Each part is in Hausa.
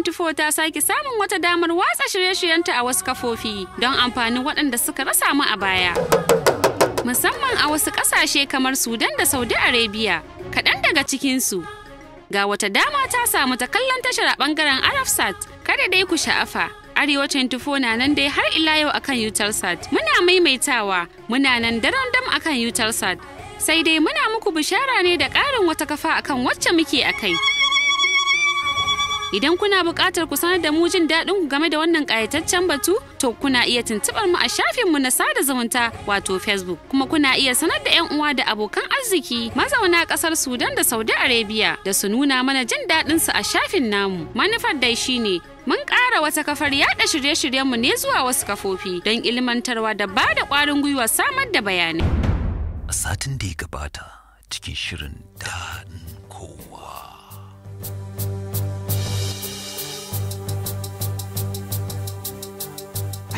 24 ta sake samun wata damar watsa shirye-shiryenta a wasu kafofi don amfanin waɗanda suka rasa mu a baya. Musamman a wasu ƙasashe kamar Sudan da Saudi Arabia, kaɗan daga cikinsu. Ga wata dama ta samu ta kallon tashar a ɓangaren Arafsat, kada dai ku sha'afa. Arewa 24 na nan dai har ila yau akan Utelsat. Muna maimaitawa, muna nan daren dam akan Utelsat. Sai dai muna muku bishara ne da ƙarin wata kafa akan wacce muke a kai. Idan kuna buƙatar ku sanar da mu jin daɗin ku game da wannan ƙayataccen batu, to kuna iya tuntuɓar mu a shafinmu na sada zumunta wato Facebook. Kuma kuna iya sanar da 'yan uwa da abokan arziki mazauna ƙasar Sudan da Saudi Arabia da su nuna mana jin su a shafin namu. Manufar dai shine mun ƙara wata kafar yaɗa shirye-shiryenmu ne zuwa wasu kafofi don ilmantarwa da ba da ƙwarin gwiwa samar da bayanai. A satin da ya gabata cikin shirin daɗin kowa.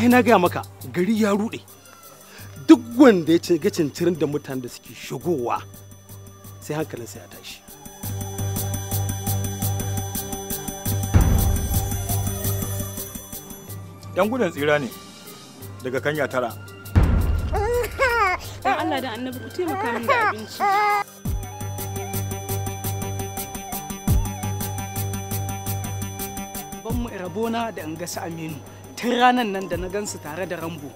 sai na gaya maka gari ya rude duk wanda ya ga cincirin da mutanen da suke shigowa sai hankalinsa ya tashi yan gudun tsira ne daga kanya tara Ɗan allah da annabi ku taimaka min da abinci ban mu irabona da in gasa aminu tun ranar nan da na gansu tare da rambo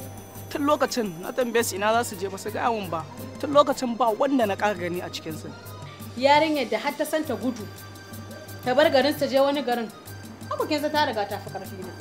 tun lokacin na tambaye su ina za su je ba su ga yawon ba tun lokacin ba wanda na ƙara gani a cikin su yarinyar da har ta san ta gudu ta bar garin ta je wani garin abokinsa ta riga ta fi ƙarfi ne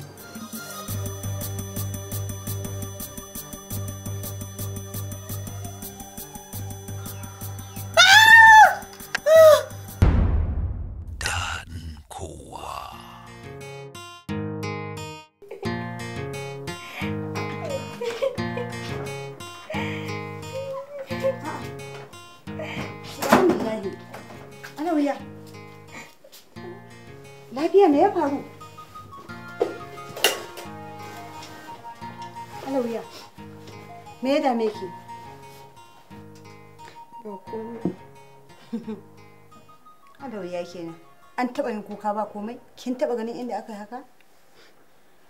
kuka ba komai kin taba ganin inda aka yi haka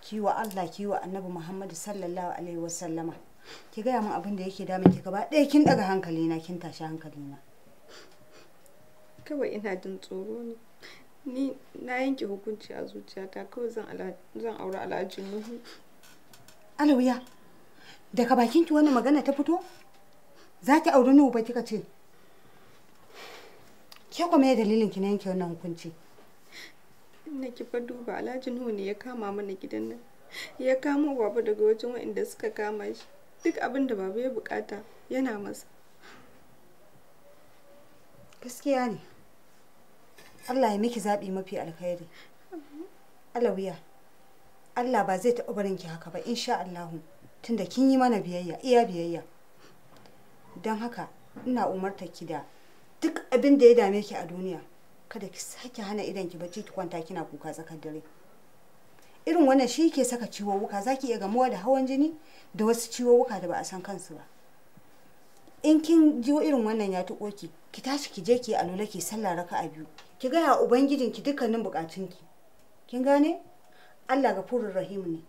kiwa Allah kiwa annabi Muhammadu sallallahu alaihi wasallama ki gaya min abin da yake damun ki gaba ɗaya kin daga hankali na kin tashi hankali na kawai ina jin tsoro ne ni na yanke hukunci a zuciyata kawai zan zan aure alhaji nuhu alawiya daga bakin ki wannan magana ta fito za ki aure nuhu ba kika ce ke kuma dalilin ki na yanke wannan hukunci inna ki fa duba alhaji nuhu ne ya kama mana gidan nan ya kamo baba daga wajen waɗanda suka kama shi duk abin da baba ya bukata yana masa gaskiya ne allah ya miki zaɓi mafi alkhairi alawiya allah ba zai taɓa barin ki haka ba insha allahu tunda kin yi mana biyayya iya biyayya don haka ina umartar ki da duk abin da ya dame ki a duniya kada ki sake hana idan ki bacci ki kwanta kina kuka tsakar dare irin wannan shi ke saka ciwowuka za ki iya gamuwa da hawan jini da wasu ciwowuka da ba a san kansu ba in kin ji irin wannan ya tuko ki ki tashi ki je ki yi alula ki sallah raka a biyu ki gaya ubangijin ki dukkanin bukatun ki kin gane Allah gafurur rahim ne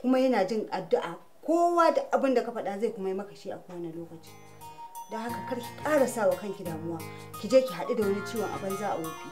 kuma yana jin addu'a kowa da abin da ka faɗa zai kuma yi maka shi a kowane lokaci don haka kar ki ƙara sa wa kanki damuwa ki je ki haɗu da wani ciwon a banza a wofi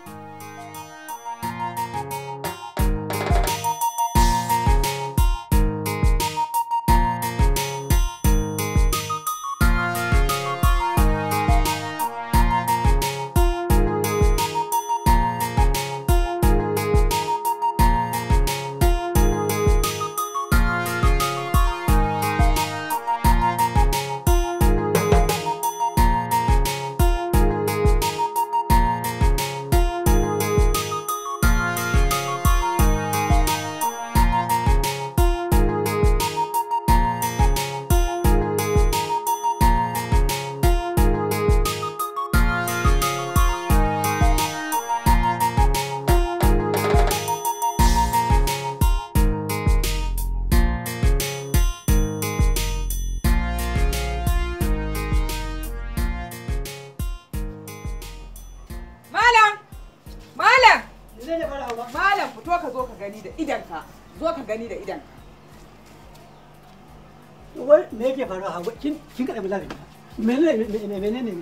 kin kin kada menene menene ne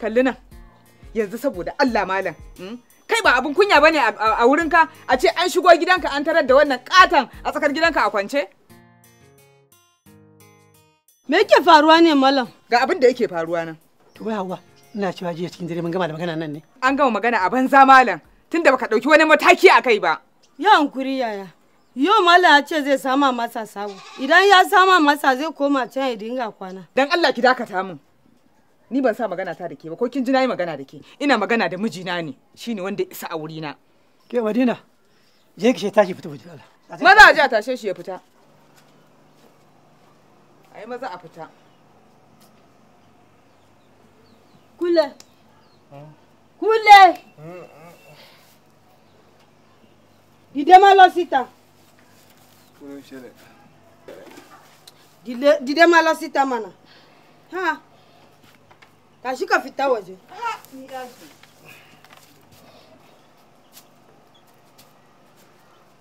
kalli yanzu saboda Allah malam hmm? kai ba abin kunya bane a wurinka a ce an shigo gidanka an tarar da wannan katan a tsakar gidanka a kwance me yake faruwa ne malam ga abin da yake faruwa nan to wai hawa ina cewa jiya cikin dare mun gama da magana nan ne an gama magana a banza malam tunda baka dauki wani mataki a kai ba Yan kuri yaya Yau Mala ya ce zai sama masa sabu. Idan ya sama masa zai koma can ya dinga kwana. Dan Allah ki dakata min. Ni ban sa magana ta da ke ba ko kin ji nayi magana da ke. Ina magana da mijina ne shine wanda isa a wurina. Ke Madina. Je ki tashi fita fita. Maza a ji a tashe shi ya fita. Ai maza a fita. Kule. Hmm? Kule. Hmm, hmm, Idan ma lo sita. dìde máa lọ mana ha kàṣí kò fi waje.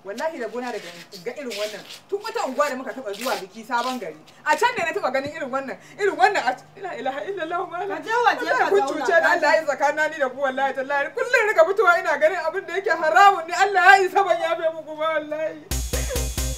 wallahi da gona daga ga irin wannan tun wata unguwa da muka taba zuwa biki sabon gari a can ne na taba ganin irin wannan irin wannan a ila ilaha illallah mala ka je waje ka kun cuce da Allah ya zakana ni da ku wallahi tallahi kullun riga mutuwa ina ganin abin da yake haramun ne Allah ya saban ban mu muku ba wallahi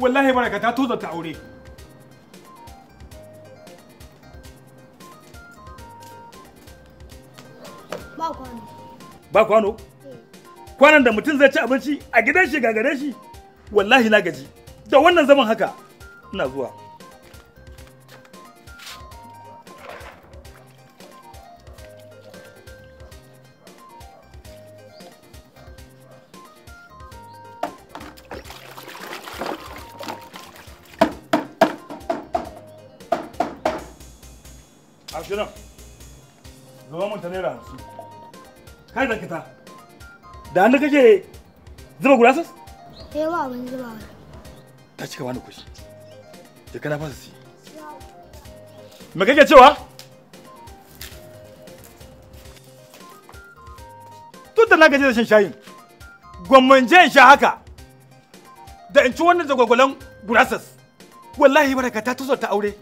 wallahi baraka ta toza ta aure ba kwano eh. kwanan da mutum zai ci abinci a gidan shi gagare shi wallahi na gaji da wannan zaman haka ina zuwa da hannu kake zuba gurasas? eh ba ban zuba ba ta cika wani kushi kana fasa me kake cewa na gaji da shan shayin gwamman in sha haka da in ci wannan zagwagwalan gurasas wallahi barakata ta tuzo ta aure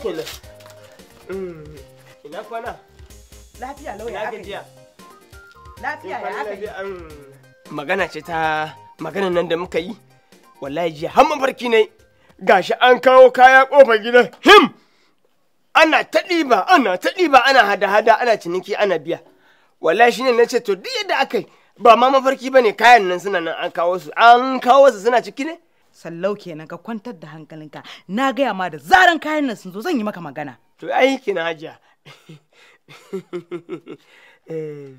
kenan ina kwana lafiya lau ya lafiya ya aka yi mm. magana ce ta magana nan da muka yi wallahi jiya har barki ne gashi an kawo kaya kofar gidan him ana ta ɗiba ana ta ɗiba ana hada-hada ana ciniki ana biya wallahi shine na ce to duk yadda aka yi ba ma mafarki bane kayan nan suna nan an kawo su an kawo su suna ciki ne sallau kenan ka kwantar da hankalinka na gaya ma da zaran kayan nan sun zo zan yi maka magana to aiki na hajiya eh,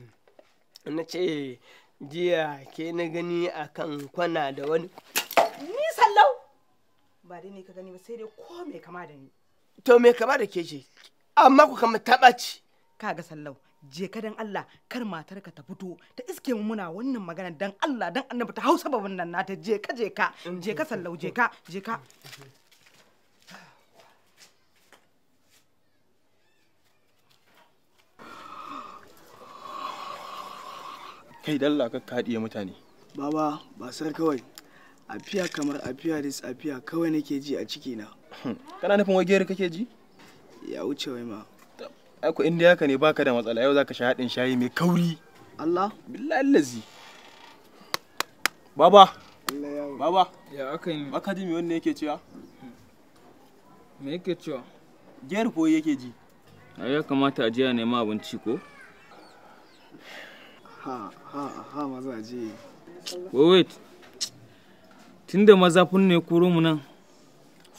na ce jiya ke na gani a kan kwana da wani ni sallau ba dai ne ka gani ba sai dai ko mai kama da ni to mai kama da ke ce amma ku kama taɓa ci kaga sallau je ka dan Allah kar matarka ta fito ta iske mu muna wannan magana dan Allah dan annabi ta hausa babban nan nata je ka je ka je ka sallau je ka je ka kai dalla ka kadiye mutane baba ba sar kawai afiya kamar afiya dis afiya kawai nake ji a ciki na kana nufin wai gere kake ji ya wuce wai ma Ako inda haka ne baka da matsala yau zaka sha hadin shayi mai kauri. Allah? Billahi lazi. Baba. Baba. Ya aka yi. Baka ji me wannan yake cewa? Me yake cewa? Jiyar ko yake ji? A ya kamata a je a nema abinci ko? Ha ha ha maza je. Wait. Tunda maza kun ne kuro mu nan.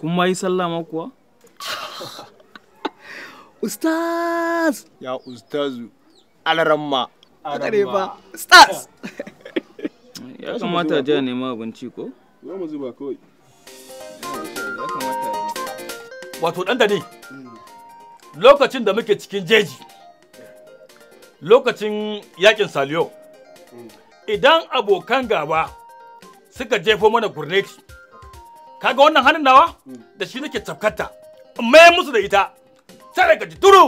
Kun ma yi sallah ma kuwa? Ustaz! Ya Ustazu, alaramma. Alaramma. Ustaz! Ah. Ya kamata ja nema abinci ko? Za mu zuba kawai. Ya kamata Wato ɗan dai, lokacin da muke cikin jeji, lokacin yakin saliyo, idan abokan gaba suka jefo mana gurneti, kaga wannan hannun nawa mm. da shi nake tafkata, mai musu da ita. sai ka ji turu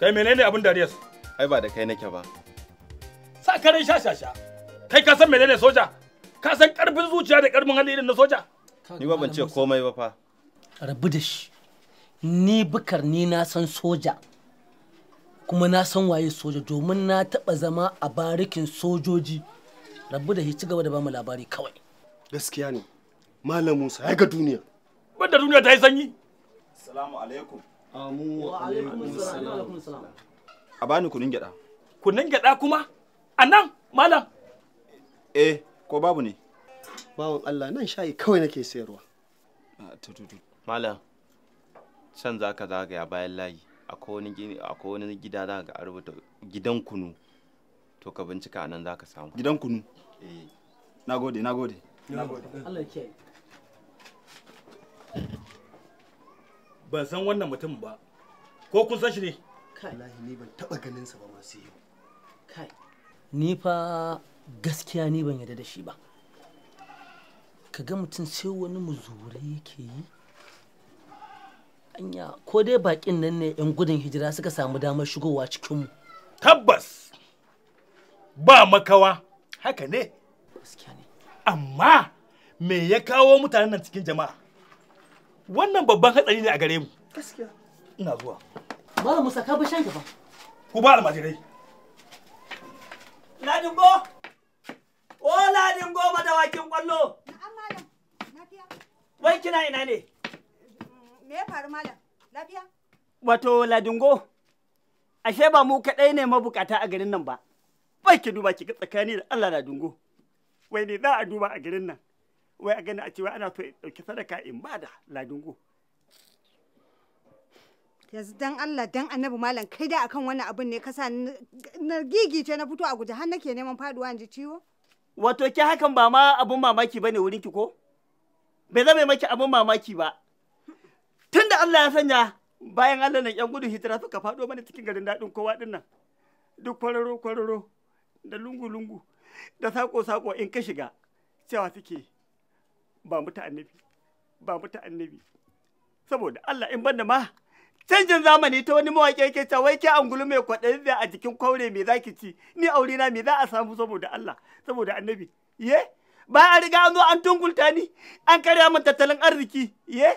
kai menene abin dariyas ai ba da kai nake ba sa karen shashasha kai ka san menene soja ka san karfin zuciya da karfin hali irin na soja ni ba ban ce komai ba fa rabu da shi ni bukar ni na san soja kuma na san waye soja domin na taba zama a barikin sojoji rabu da shi ci gaba da bamu labari kawai gaskiya ne malam musa ya ga duniya banda duniya ta yi sanyi Salamu alaikum amu wa alaikum salam a bani kunin gyada kunin gyada kuma A nan, malam eh ko babu ne bawan Allah nan shayi kawai nake sayarwa ah, malam can za ka zagaya bayan layi A kowane gida za ka rubuta gidan kunu to ka bincika a nan za ka samu gidan kunu eh nagode nagode nagode Allah ya kiyaye ban san wannan mutum ba ko kun san shi ne wallahi ni ban taba ganin sa ba ma sai yau kai ni fa gaskiya ni ban yarda da shi ba ka ga mutum sai wani muzuri yake yi anya ko dai bakin nan ne yan gudun hijira suka samu damar shigowa cikin mu tabbas ba makawa haka ne gaskiya ne amma me ya kawo mutanen nan cikin jama'a wannan babban hatsari ne a gare mu gaskiya ina zuwa malam musa ka bi shan gaba ku ba almajirai ladingo o ladingo madawakin kwallo na'am malam lafiya wai kina ina ne me ya faru malam lafiya wato ladingo ashe ba mu kaɗai ne mabukata a garin nan ba ba ki duba ki ga tsakani da Allah ladingo wai ne za a duba a garin nan wai a gani a cewa ana so ɗauki sadaka in ba da ladungu. yanzu dan Allah dan annabi malam kai da akan wani abin ne kasa na gigice na fito a guje har nake neman faduwa in ji ciwo wato ke hakan ba ma abun mamaki bane wurin ki ko bai zama maki abun mamaki ba tunda Allah ya sanya bayan Allah nan yan gudun hijira suka fado mana cikin garin dadin kowa din nan duk kwararo kwararo da lungu lungu da sako sako in ka shiga cewa suke ba muta annabi ba muta annabi saboda Allah in banda ma canjin zamani ta wani mawaƙi yake ta wai ke angulu mai kwaɗayi da a jikin kwaure mai za ki ci ni aure na mai za a samu saboda Allah saboda annabi ye ba a riga an zo an tungulta ni an karya min tattalin arziki ye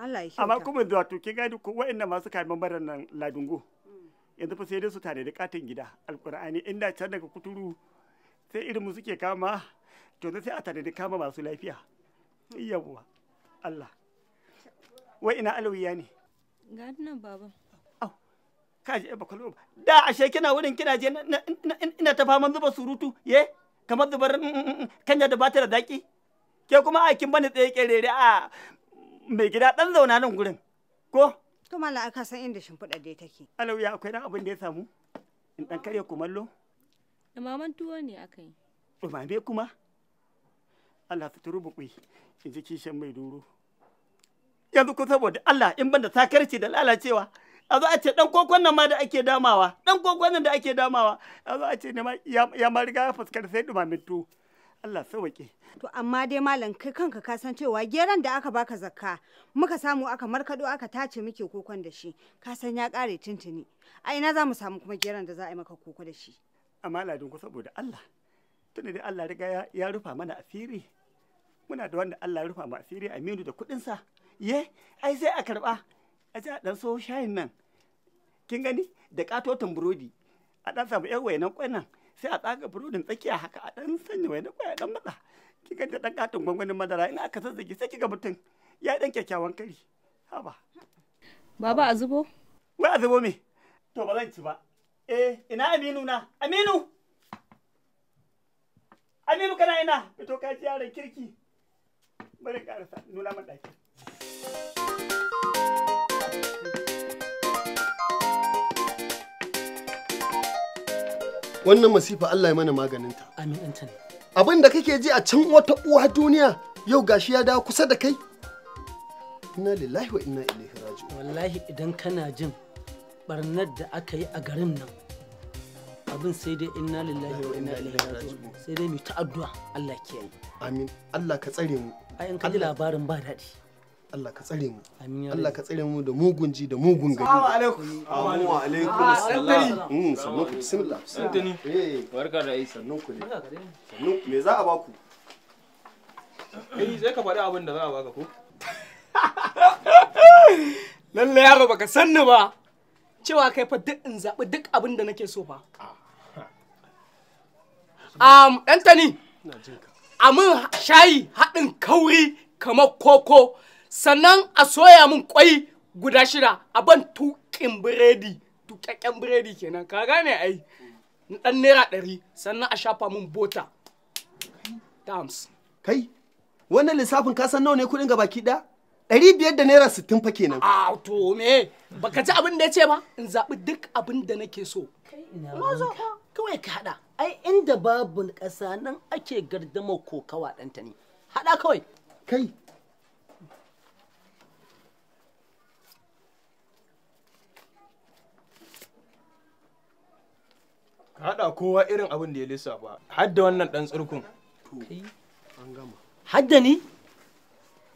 Allah ya amma kuma zuwa to ki gani ko wa'annan masu kayan maran nan ladungo yanzu fa sai dai su tare da katin gida alkur'ani inda can daga kuturu sai irin mu suke kama to sai a tare da kama masu lafiya yawwa Allah wai ina alawiya ne ga nan baba au eh, ka je ba da ashe kina wurin kina je ina ta faman zuba surutu ye kamar zubar mm, mm, mm, kanya da batar da daki ke kuma a kin bani tsaye kerere a mai gida dan zauna nan gurin ko to mala aka san inda shimfiɗa dai take alawiya akwai dan abin da ya samu in dan kare kumallo da maman tuwo ne aka yi dumame kuma Allah fitar rubuƙi in ji kishin mai duru. yanzu ko saboda Allah in banda sakarci da lalacewa a zo a ce dan kokon nan ma da ake damawa dan kokon nan da ake damawa a zo a ce ne ma ya ma riga ya fuskar sai dumamin tuwo Allah sauke. To amma dai malam kai kanka ka san cewa geran da aka baka zakka muka samu aka markado aka tace muke kokon da shi ka san ya kare tuntuni a ina za mu samu kuma geran da za a yi maka koko da shi. Amma ladin ku saboda Allah tunda dai Allah riga ya rufa mana asiri muna da wanda Allah ya rufa ma asiri Aminu da kuɗin sa ye ai sai a karba a ji a dan so shayin nan kin gani da katotin burodi a dan samu yan wayanan kwai nan sai a tsaga burodin tsakiya haka a dan sanya wayanan kwai a dan matsa kin gani da dan katon gwangwanin madara in aka zazzage sai kiga mutum ya dan kyakkyawan kari haba baba a zubo wai a zubo me to ba zan ci ba eh ina Aminu na Aminu Aminu kana ina fito ka ji yaran kirki bari karasa nuna man ɗakin wannan masifa Allah ya mana ta Amin Antani. Abin da kake ji a can wata uwa duniya yau gashi ya dawo kusa da kai. Inna lillahi wa inna ilaihi raji'un. Wallahi idan kana jin barnar da aka yi a garin nan abin sai dai inna lillahi wa inna ilaihi raji'un sai dai mu ta addu'a Allah ke yi Amin. Allah ka tsare mu. a in kaji labarin ba daɗi Allah ka tsare mu Allah ka tsare mu da mugun ji da mugun gari Assalamu alaikum Assalamu alaikum Assalamu mm bismillah santani eh barka da isa sannu ku ne sannu me za a baku eh sai ka faɗi abin da za a baka ko lalle yaro baka sanni ba cewa kai fa duk in duk abin da nake so fa um a min shayi haɗin kauri kamar koko sannan a soya min kwai guda shida a ban tuƙin biredi tukakken biredi kenan ka gane ai ɗan naira ɗari sannan a shafa min bota tams kai wannan lissafin ka san nawa ne kuɗin gabaki ɗaya ɗari biyar da naira sittin fa kenan a to me baka ji abin da ya ce ba in zaɓi duk abin da nake so kawai ka haɗa ai inda babu ƙasa nan ake gardama kawa ɗanta ne haɗa kawai kai haɗa kowa irin abin da ya lissafa har da wannan ɗan tsirkun an gama hadda ni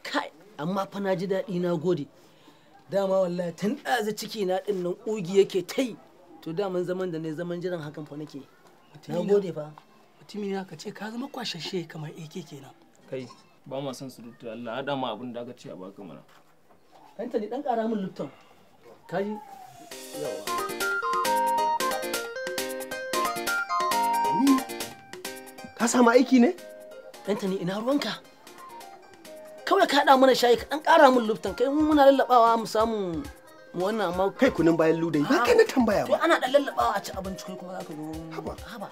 kai amma fa na ji daɗi na gode dama wallahi tun ɗaza ciki na ɗin nan ƙugi yake ta yi to daman zaman da ne zaman jiran hakan fa nake na gode fa mutumi na ka ce ka zama kwashashe kamar ake kenan kai ba ma son su rubuta Allah hada ma abin da aka ce a baka mana ne dan kara min lipton kaji yawa ka samu aiki ne ne ina ruwanka kawai ka hada mana shayi ka dan kara min lipton kai mun muna lallabawa mu samu wannan amma kai kunin bayan ludayi ba kai na tambaya ba ana dan lallabawa a ci abinci kai kuma zaka zo haba haba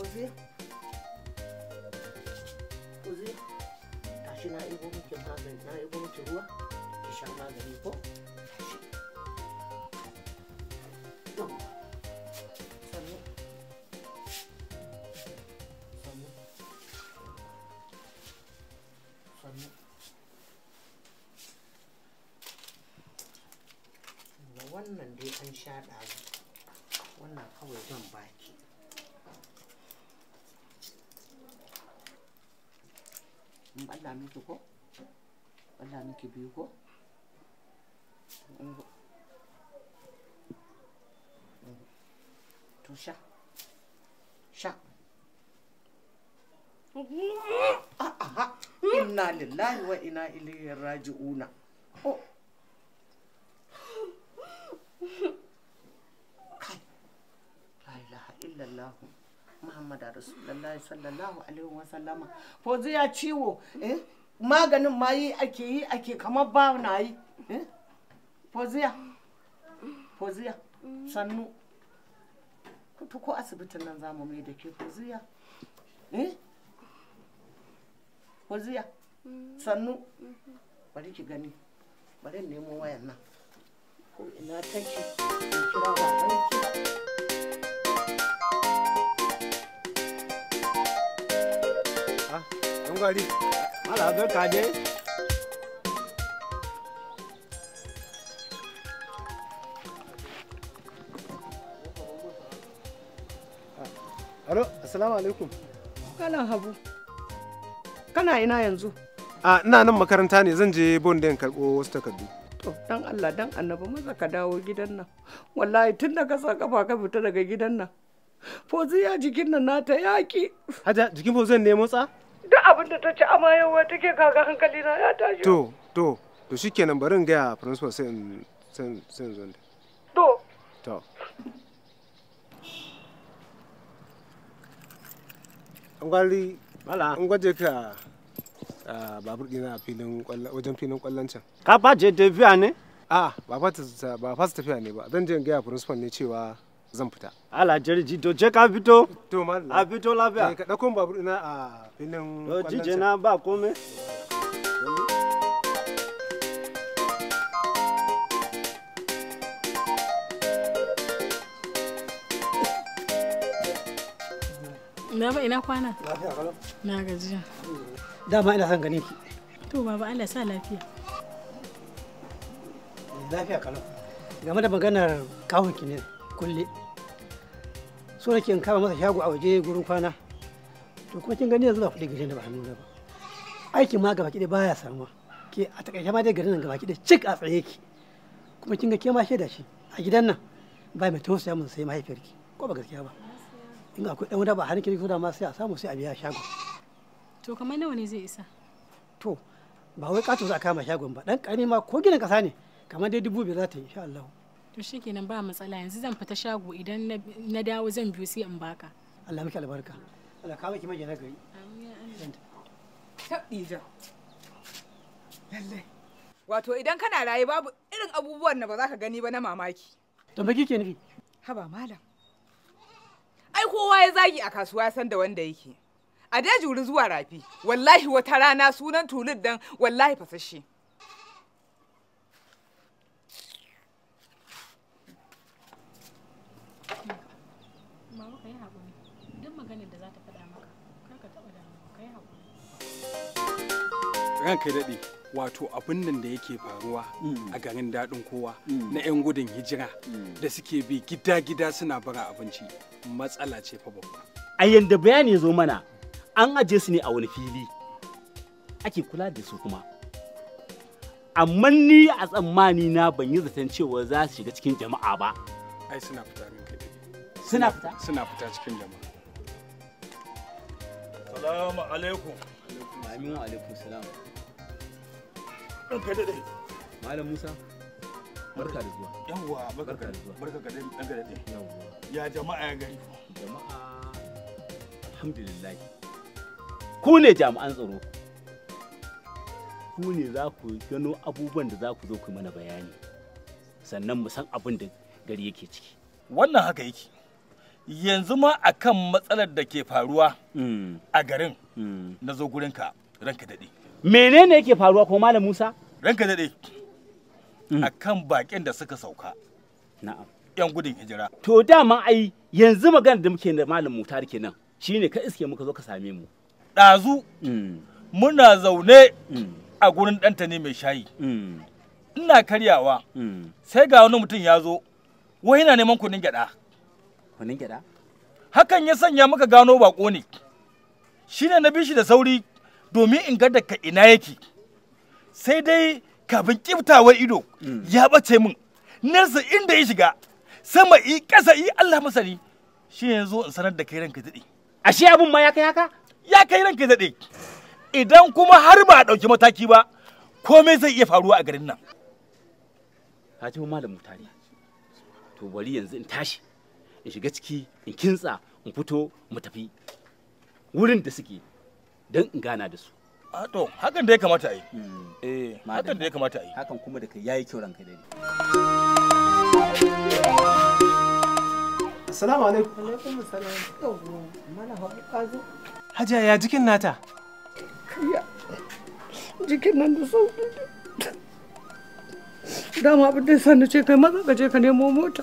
Hosea Hosea tashi na ibo muke magani na ibo muke ruwa ki sha magani ko wannan dai an sha ɗazu wannan kawai don baki in Allah miki ko Allah miki biyu ko to sha sha inna lillahi wa ina ilaihi raji'una Muhammad rasulullahi sallallahu alaihi wa zai ya ciwo eh? maganin ma yi ake yi ake kamar ba na yi eh? fauziya fauziya sannu kutu ko asibitin nan zamu mai da ke fauziya eh? fauziya sannu bari ki gani bari nemo wayan nan ko ina take kira ba aiki Ɗan ah, gwari. Mala barka dai. Alo, assalamu alaikum. Kalan habu. Kana ina yanzu? A ah, ina nan makaranta ne zan je bon da karɓo wasu takardu. To, dan Allah, dan annaba maza ka dawo gidan nan. Wallahi tun da ka sa kafa ka fita daga gidan nan. Fozi ya jikin nan nata yaki? Haja, jikin Fozi ne motsa? duk abin da ta ci mayowa take kaga hankali na ya tashi to to to shikenan bari in gaya principal sai in sai in zo to to ngwali bala ngwaje ka babur dina a filin wajen filin kwallon can ka ah, ba je tafiya ne a ba fa ta tafiya ne ba zan je in gaya principal ne cewa zan fita ala jirji to je ka fito to mallam a fito lafiya eh, ka dauko babur ina a filin kwallon. to jije na ba kome. Na ba ina kwana? Lafiya kalau. Na gajiya. Dama ina son gane ki. To baba Allah sa lafiya. Lafiya kalau. Game da maganar kawunki ne kulle. so nake in kama masa shago a waje gurin kwana to kuma kin gani yanzu ba kudi gare da ba hannu ba aikin ma gaba ɗaya baya samuwa ke a takaice ma dai garin nan gaba ɗaya cik a tsaye ki kuma kin ga ke ma shaida shi a gidan nan ba mai ya mun sai mahaifiyarki ko ba gaskiya ba in akwai dan wani ba hannun kirki da ma sai a samu sai a biya shago to kamar nawa ne zai isa to ba wai katu za a kama shagon ba dan ƙarami ma ko gidan kasa ne kamar dai dubu biyar za ta yi insha Allah to shikenan ba matsala yanzu zan fita shago idan na dawo zan biyo sai in baka Allah miki albarka Allah ka miki maje nagari amin Allah lalle wato idan kana raye babu irin abubuwan da ba za ka gani ba na mamaki to ba kike nufi haba malam ai kowa ya zagi a kasuwa ya san da wanda yake a daji wuri zuwa rafi wallahi wata rana sunan tulud dan wallahi fasashe haƙuri duk maganar da za ta faɗa maka kar ka taɓa damuwa ka haƙuri ranka daɗe wato abin nan da yake faruwa hmm. a garin daɗin kowa hmm. na 'yan gudun hijira hmm. da suke bi gida-gida suna bara abinci matsala ce fa babba a yadda bayani zo mana an aje su ne a wani fili ake kula da su kuma amma ni a tsammani na ban yi zaton cewa za su shiga cikin jama'a ba ai suna fita suna fita suna fita cikin jama'a salamu alaikum amin wa alaikum salam ɗanka daɗe malam musa barka da zuwa yawwa barka da zuwa barka ga da ɗanka daɗe yawwa ya jama'a ya gari jama'a alhamdulillah ku ne jami'an tsaro ku ne za ku gano abubuwan da za ku zo ku mana bayani sannan mu san abin da gari yake ciki wannan haka yake yanzu ma a kan matsalar da ke faruwa hmm. a garin hmm. na zo gurinka ranka daɗe menene yake faruwa ko malam musa ranka daɗe hmm. kan baƙin da suka sauka na'am yan gudun hijira to dama ai yanzu magana da muke da malam mutar kenan ne ka iske muka zo ka same mu ɗazu muna zaune a gurin ɗanta ne mai shayi ina karyawa sai ga wani mutum ya zo wai yana neman kuɗin gyaɗa gida Hakan ya sanya muka gano bako ne. Shi ne na bi shi da sauri domin in ga ka ina yake. Sai dai kafin kiftawar ido mm. ya bace min. nasa inda ya shiga sama yi ƙasa yi Allah masani shi ne zo in sanar da kai ranka daɗe. Ashe abin ma ya kai haka? Ya kai ranka daɗe. Idan kuma har ba a ɗauki mataki ba, komai zai iya faruwa a garin nan. Ka ji malam mutane. To bari yanzu in tashi. in shiga ciki in kintsa in fito mu tafi wurin da suke don in gana da su a to hakan da ya kamata a yi hmm. eh hakan da ya kamata a yi hakan kuma da kai yayi kyau ranka dai assalamu alaikum alaikum assalam mana hajiya ya jikin nata jikin nan da sauki dama abin da ya sani ce kai maza ka je ka nemo mota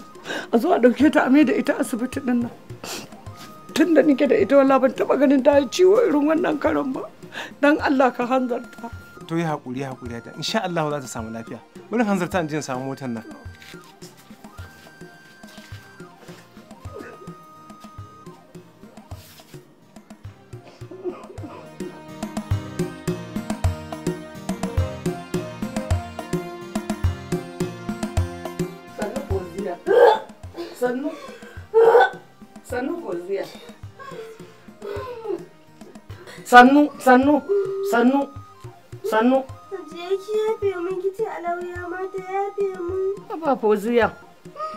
a zo a ɗauke ta ame da ita asibiti ɗin nan tun da nike da ita wala ban taɓa ganin ta yi ciwo irin wannan karon ba dan Allah ka hanzarta to yi haƙuri haƙuri ta insha Allah za ta samu lafiya bari hanzarta in je sama samu motar nan sannu sannu goziya sannu sannu sannu sannu ba foziya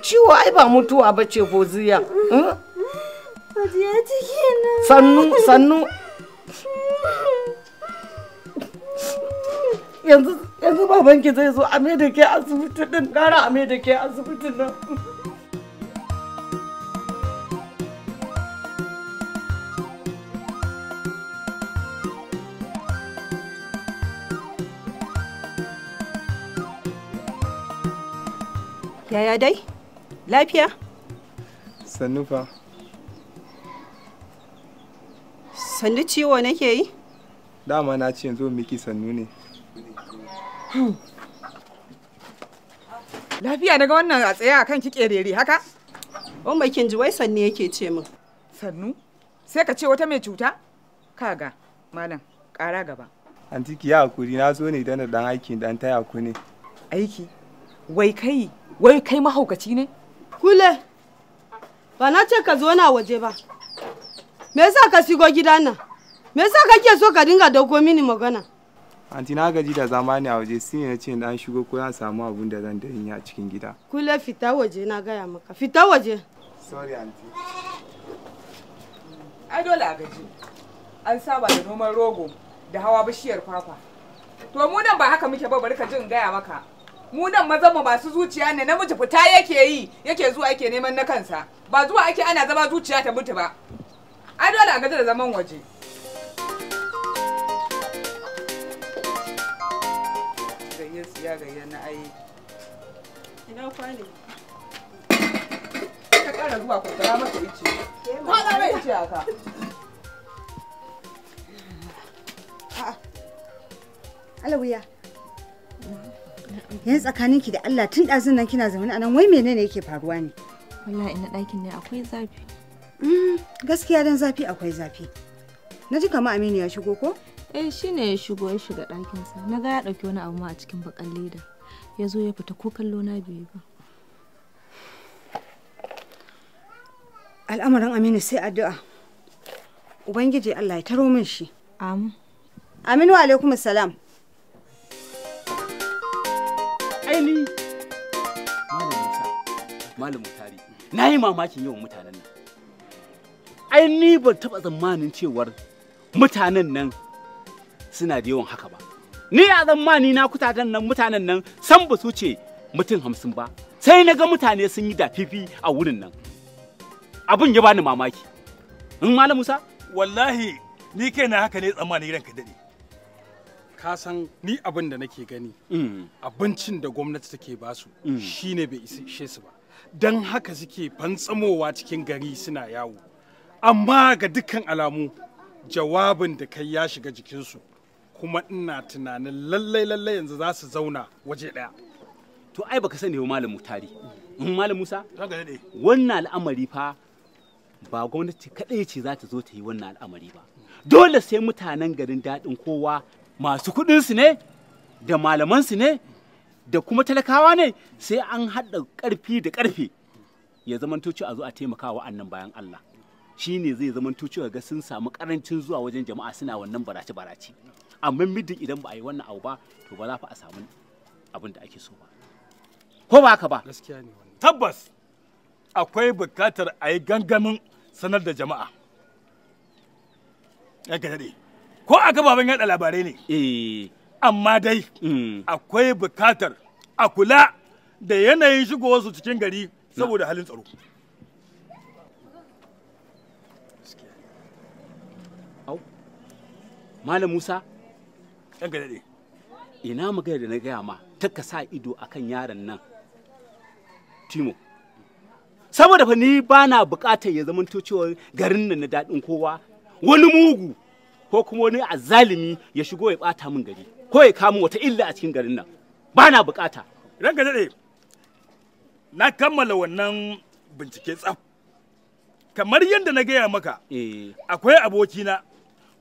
ciwo ai ba mutuwa ba ce foziya sannu sannu yanzu babanki zai zo a da ke asibiti din a da ke asibitin nan Yaya dai? Lafiya? Sannu fa. Sannu ciwo nake yi? Dama na ce yanzu miki sannu ne. Hmm. Lafiya daga wannan a tsaye a akan kikerere haka? Umma kin ji wai sannu yake ce min. Sannu? Sai ka ce wata mai cuta? Kaga, malam, ƙara gaba. Antiki ya hakuri na zo ne dan da dan aikin an taya ku ne. Aiki? Wai kai wai kai mahaukaci ne kule ba na ce ka zo na waje ba me yasa ka shigo gida nan me yasa kake so ka dinga dauko mini magana anti na gaji da zamani a waje shine na ce dan shigo ko ya samu abun da zan dan a cikin gida kule fita waje na gaya maka fita waje sorry anti ai dole a gaji an saba da noman rogo da hawa bishiyar kwakwa to mu nan ba haka muke ba bari ka jin gaya maka mu nan maza mu masu zuciya ne na namiji fita yake yi yake zuwa yake neman na kansa ba zuwa ake ana zama zuciya ta mutu ba ai dole a gaza da zaman waje Yan tsakanin ki da Allah tun ɗazun nan kina zaune anan wai menene yake faruwa ne? Wallahi ina ɗakin ne akwai zafi. Mm, gaskiya dan zafi akwai zafi. Na ji kama Aminu ya shigo ko? Eh shi ne ya shigo ya shiga ɗakinsa. Na ga ya ɗauki wani abu ma a cikin bakan leda. Ya zo ya fita ko kallo na biyu ba. Al'amarin Aminu sai addu'a. Ubangiji Allah ya taro min shi. Amin. Aminu alaikum salam. malam mutari na yi mamakin yawan mutanen nan ai ni ban taɓa tsammanin cewar mutanen nan suna da yawan haka ba ni a tsammani na kutanen nan mutanen nan san ba su ce mutum hamsin ba sai na ga mutane sun yi dafifi a wurin nan abin ya bani mamaki in malam musa wallahi ni kai na haka ne tsammani ranka dade ka san ni abin da nake gani mm. abincin da gwamnati take basu mm. shine bai ishe su ba don haka suke fantsamowa cikin gari suna yawo amma ga dukkan alamu jawabin da kai ya shiga jikinsu kuma ina tunanin lallai lallai yanzu za su zauna waje ɗaya to ai baka sani ba malam mutari malam musa wannan al'amari fa ba gwamnati kaɗai ce za ta zo ta yi wannan al'amari ba dole sai mutanen garin daɗin kowa masu kuɗinsu ne da malamansu ne da kuma talakawa ne sai an haɗa ƙarfi da ƙarfe ya zamanto cewa a zo a taimaka wa annan bayan Allah shi ne zai zamanto cewa ga sun samu ƙarancin zuwa wajen jama'a suna wannan barace barace amma middin idan ba a yi wannan abu ba to ba za fa a samu abin da ake so ba ko ba haka ba gaskiya ne tabbas akwai buƙatar a yi gangamin sanar da jama'a ya ga ko a ban yaɗa labarai ne eh amma dai hmm. akwai bukatar a kula da yanayin shigowarsu cikin gari saboda halin tsaro Malam Musa? Ɗan gaɗaɗe. Ina magana da na gaya ma ta sa ido a kan yaron nan. Timo. Saboda fa ni ba na bukatar ya zama cewa garin nan na daɗin kowa wani mugu ko kuma wani azalimi ya shigo ya ɓata min gari. ko ya kamo wata illa a cikin garin nan ba na bukata ka daɗe na kammala wannan bincike tsaf kamar yadda na gaya maka eh. akwai abokina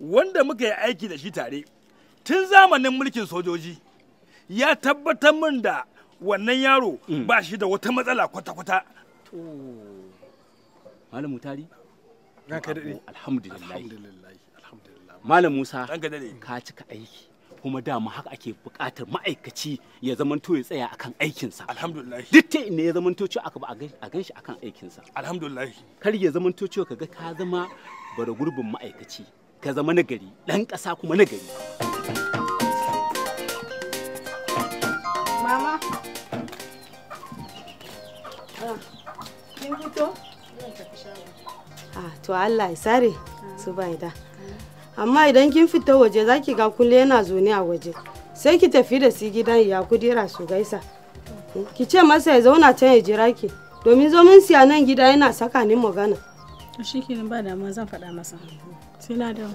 wanda muka yi aiki da shi tare tun zamanin mulkin sojoji ya tabbatar min da wannan yaro mm. ba shi da wata matsala kwata-kwata malam mutari alhamdulillah malam musa ka cika aiki kuma dama haka ake buƙatar ma'aikaci ya zamanto ya tsaya akan aikinsa alhamdulillah duk ta ne ya zamanto cewa aka ba a gan shi akan aikinsa alhamdulillah kar ya zamanto cewa kaga ka zama bara gurbin ma'aikaci ka zama nagari ɗan ƙasa kuma nagari mama ah, kin fito? Ah, to Allah ya sare ah. su bai da. amma idan kin fita waje za ki ga kulle yana zaune a waje sai ki tafi da su gidan ya dira su gaisa ki ce masa ya zauna can ya jira ki domin mun siya nan gida yana saka ni magana shi ke ba dama zan faɗa masa sai na da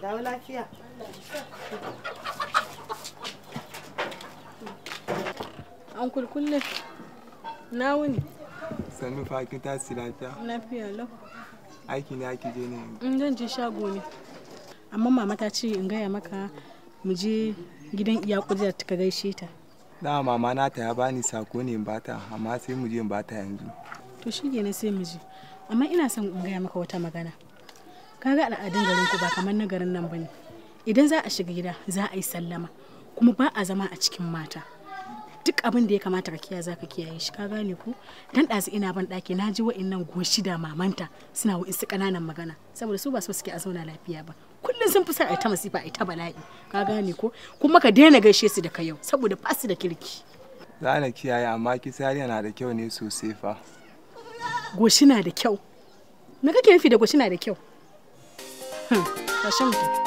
dawo lafiya an kulkulle na wuni sannu fa ki tasira ta lafiya aiki ne ake je ne in zan je shago ne amma mama ta ce in gaya maka mu je gidan iya kudura ka gaishe ta na mama na ta ya bani sako ne in bata amma sai mu je in bata yanzu to shi na sai mu je amma ina son in gaya maka wata magana kaga al'adun garin ku ba kamar na garin nan bane idan za a shiga gida za a yi sallama kuma ba a zama a cikin mata duk abin da ya kamata ka kiyaye zaka kiyaye shi ka gane ko dan ɗazu ina ban ɗaki na ji wa'annan goshi da mamanta suna su ƙananan magana saboda su ba su suke a zauna lafiya ba kullum sun fi sa ta masifa a ta bala'i ka gane ko kuma ka daina gaishe su da kayau yau saboda ba su da kirki za na kiyaye amma kisariya na da kyau ne sosai fa goshi na da kyau me kake nufi da goshi na da kyau hmm.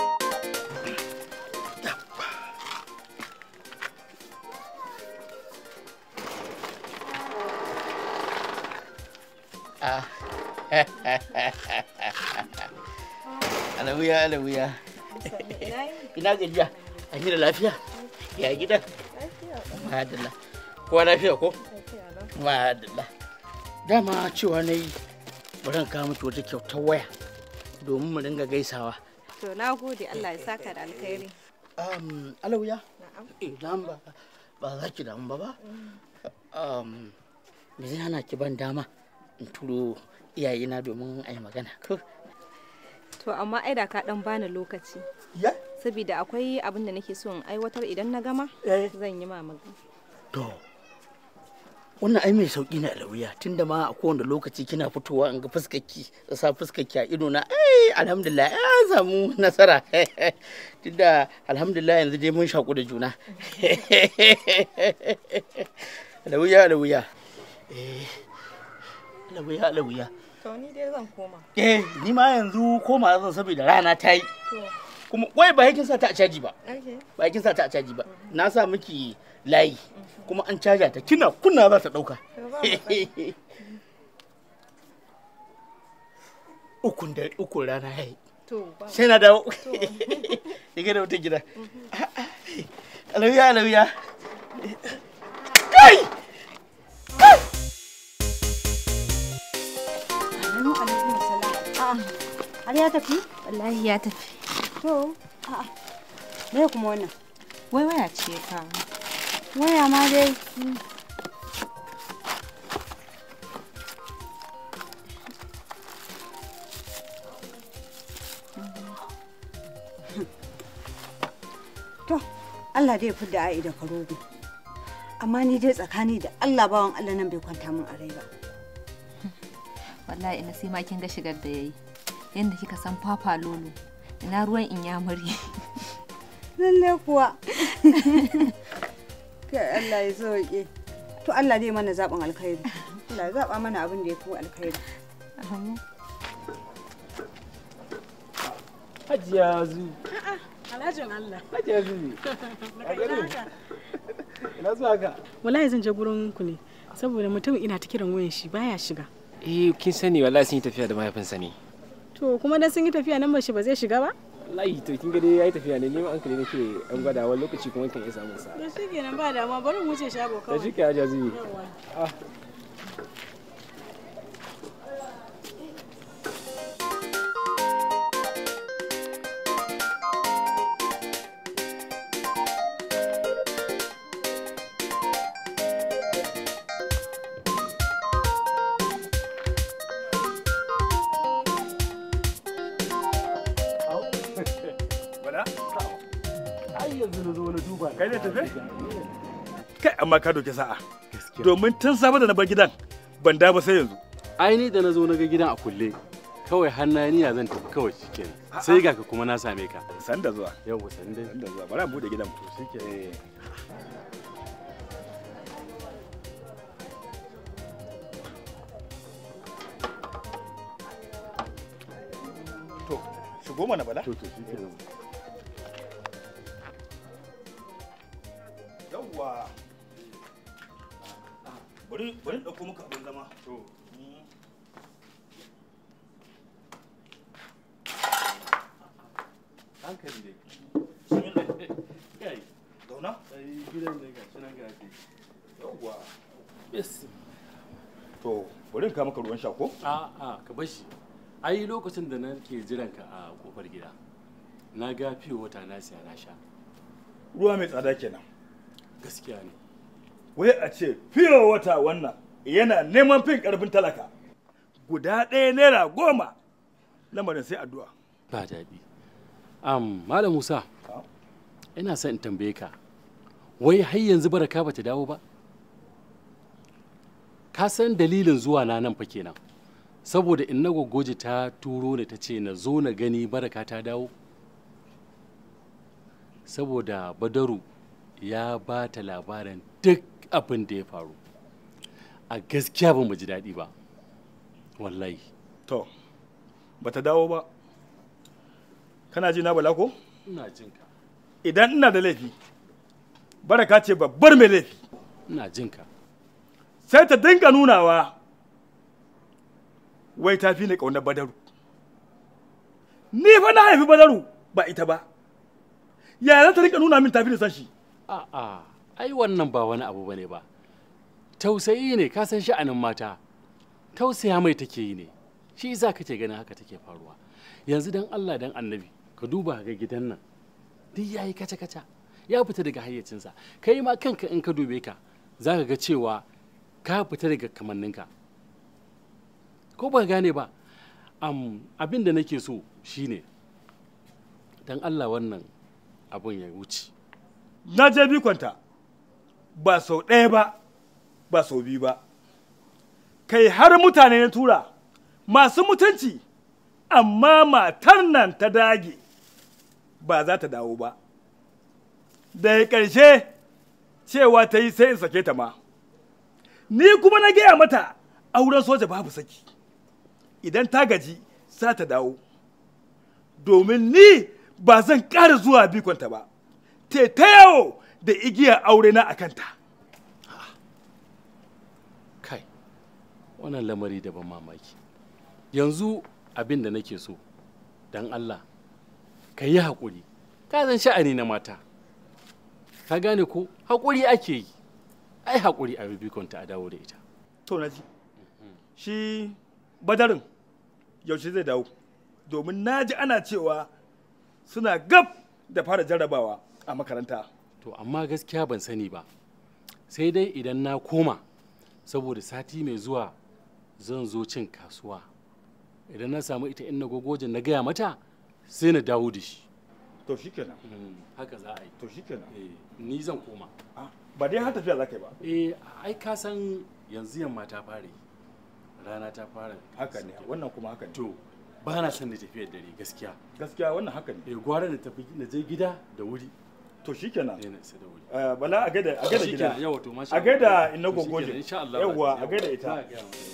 alawiya alawiya ina gajiya a shi da lafiya ya gida madalla kowa lafiya ko madalla dama cewa na yi baran kama miki wata kyautar waya domin mu ringa gaisawa to na gode Allah ya saka da alkhairi um alawiya eh, idan ba ba za ki damu ba ba mm. um me zai hana ki ban dama in turo iyayena domin a yi magana to amma ai da ka dan bani lokaci ya saboda akwai abin da nake so in aiwatar idan na gama eh. zan yi mamaki. to wannan ai mai sauki na tun tunda ma a kowane lokaci kina fitowa in ga fuskarki sa fuskarki a ido na ai eh, alhamdulillah ya eh, samu nasara tunda alhamdulillah yanzu dai mun shaku da juna alawiya alawiya eh Lawiya lawiya. To ni dai zan koma. Eh, ni ma yanzu koma zan saboda rana ta yi. Kuma wai ba yakin sa ta a caji ba. Ba yakin sa ta a caji ba. Na sa miki layi kuma an caja ta kina kunna za ta dauka. Ukun da ukun rana yayi. Sai na dawo. Diga da wata gida. Alawiya alawiya. Kai! sannu alaikum salam har ya tafi wallahi ya tafi to a'a me kuma wannan wai waya ce ka waya ma dai To, Allah dai fi da a'i ka karogo. Amma ni dai tsakani da Allah bawan Allah nan bai kwanta min a rai ba. wallahi ina sai ma kin ga shigar da yayi yanda kika san papa lolo ina ruwan in ya muri lalle kuwa kai Allah ya sauke to Allah zai mana zaben alkhairi Allah ya zaba mana abin da ya fi alkhairi Hajiya zu. Alhajin Allah. Hajiya zu. Na zuwa ka. Wallahi zan je gurin ku ne saboda mutum ina ta kiran wayan shi baya shiga. eh kin sani wallahi sun yi tafiya da mahaifinsa sani to kuma dan sun yi tafiya nan shi ba zai shiga ba wallahi to kin ga dai yayi tafiya ne neman hankali nake an gwada wani lokaci kuma kan iya samun sa to nan ba damuwa bari mu wuce shago kawai to shikenan ah ma ka doke sa'a domin tun safe da na bar gidan ban da ba sai yanzu ai ni da na zo na ga gidan a kulle kawai hannaniya zan tafi kawai shikenan sai ga ka kuma na same ka San da zuwa yau San da zuwa bari mu bude gidan to shikenan eh. to shigo mana bala to to shikenan yawwa bari eh? bari dauko hmm. da kai ai gidan ne ga ga ke ka ruwan sha ko a ka bar shi lokacin da nake jiran ka a kofar gida na ga fiye wata na siya na sha ruwa mai tsada kenan gaskiya ne wai a ce fiye wata wannan yana neman fin karfin talaka guda ɗaya naira goma lamarin sai addu'a ba daɗi um, malam musa ina son in tambaye ka wai har yanzu baraka ba ta dawo ba ka san dalilin zuwa na nan fa kenan saboda in na gwaggwaje ta turo ni ta ce na zo na gani baraka ta dawo saboda badaru ya ba ta labarin duk abin da ya faru a gaskiya ba mu ji daɗi ba wallahi to bata dawo ba kana ji na bala ko ina jin ka idan ina da laifi baraka ce babbar mai laifi ina jin ka sai ta dinga nunawa wai ta fi ni ƙaunar badaru ni fa na haifi badaru ba ita ba yaya za ta dinga nuna min ta fi ni san shi a'a ai wannan ba wani abu bane ba tausayi ne ka san sha'anin mata tausaya mai take yi ne shi za ka ce ganin haka take faruwa yanzu dan Allah dan annabi ka duba ga gidan nan duk yayi yi kaca kaca ya fita daga hayyacinsa kai ma kanka in ka dube ka za ka ga cewa ka fita daga kamanninka ko ba gane ba abin da nake so shine dan Allah wannan abun ya wuce na je bikonta ba sau ɗaya ba ba sau biyu ba kai har mutane na tura masu mutunci amma matar nan ta dage ba za ta dawo ba da ya ƙarshe cewa ta yi sai in sake ta ma ni kuma na gaya mata auren soja babu saki idan ta gaji za ta dawo domin ni ba zan ƙara zuwa bikonta ba te ta yawo da igiyar aure na a kanta kai wannan lamari da ban mamaki yanzu abin da nake so dan allah ka yi haƙuri ka zan sha'ani na mata ka gane ko haƙuri ake yi ai haƙuri a bibikonta a dawo da ita to na ji shi badarin yaushe zai dawo domin na ji ana cewa suna gab da fara jarrabawa a makaranta to amma gaskiya ban sani ba sai dai idan na koma saboda sati mai zuwa zan zo cin kasuwa idan na samu ita in na gogojin na gaya mata sai na dawo da shi to kenan. Mm, haka za a yi to kenan. Eh, ni zan koma ah, ba dai har tafiya za ka yi ba eh ai ka san yanzu yamma ta fara rana ta fara haka ne wannan kuma haka ne to ba na son na tafiyar dare gaskiya gaskiya wannan haka ne eh gwara na tafi na je gida da wuri to kenan eh, eh, bala a gada a gada gida a gada ina gogoje yawa a gada ita